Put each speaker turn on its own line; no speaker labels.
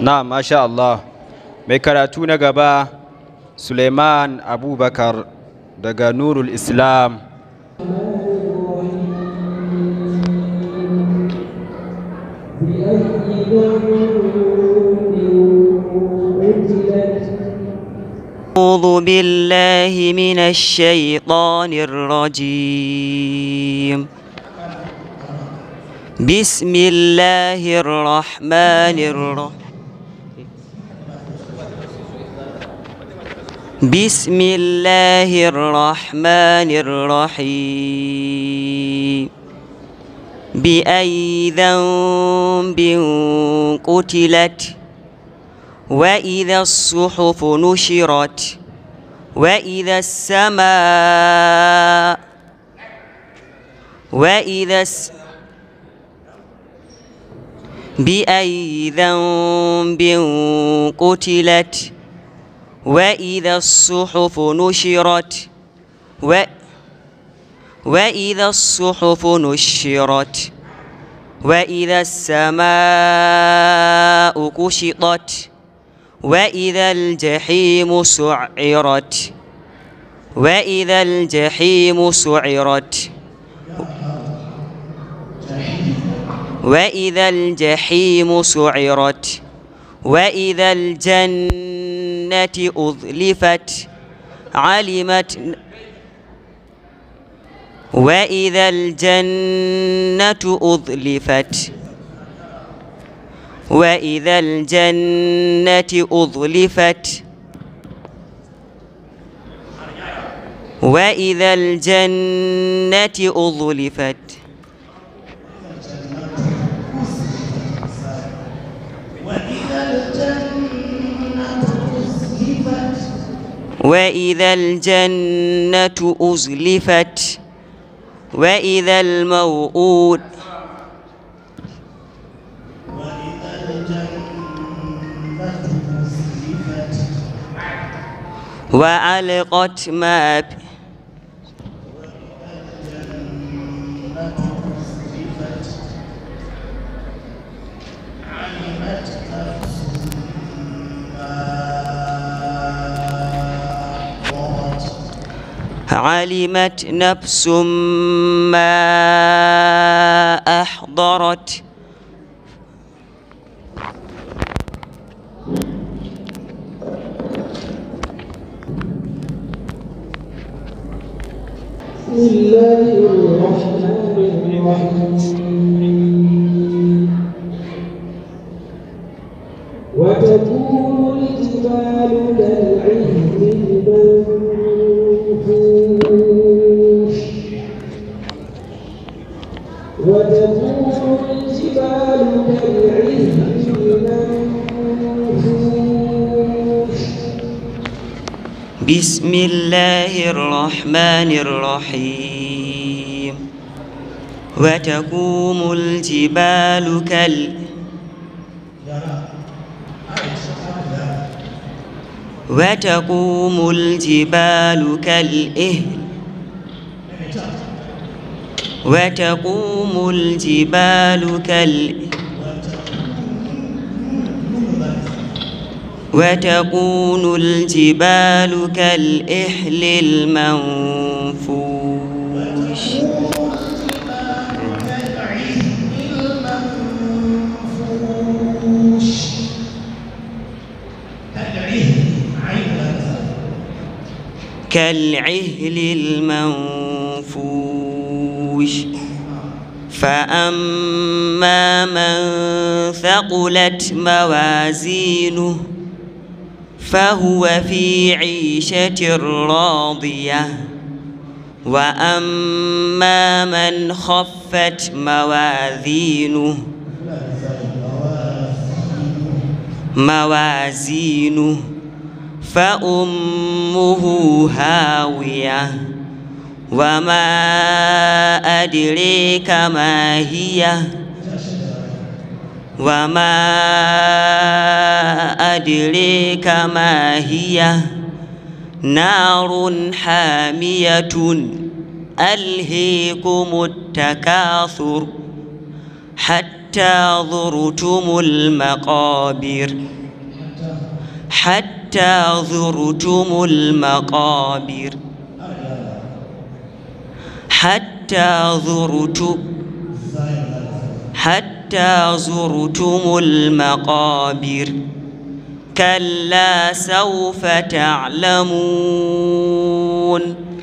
نعم ما شاء الله مكراتو نغبا سليمان أبو بكر دغا نور الإسلام أعوذ بالله من الشيطان الرجيم بسم الله الرحمن الرحيم بسم الله الرحمن الرحيم بأي ذنب قتلت وإذا الصحف نشرت وإذا السماء وإذا الس... بأي ذنب قتلت وإذا الصحف نشرت و وإذا الصحف نشرت وإذا السماء كشطت وإذا الجحيم سعرت وإذا الجحيم سعرت وإذا الجحيم سعرت وإذا الجنة أضلفت علمت وإذا الجنة أضلفت وإذا الجنة أضلفت وإذا الجنة أضلفت وإذا الجنة أزلفت وإذا الموءود وألقت ما وإذا الجنة علمت نفس ما أحضرت بسم الله الرحمن الرحيم وتكون الجبال كالعهن بسم الله الرحمن الرحيم وتقوم الجبال كال وتقوم الجبال كالإهل وتقوم الجبال كالإهل وتكون الجبال كالإحل المنفوش كالعهل المنفوش فأما من ثقلت موازينه فهو في عيشة راضية وأما من خفت موازينه موازينه فأمه هاوية وما أدريك ما هي وما أدريك ما هي نار حامية ألهيكم التكاثر حتى زرتم المقابر حتى زرتم المقابر حتى زرتم حتى زرتم المقابر كلا سوف تعلمون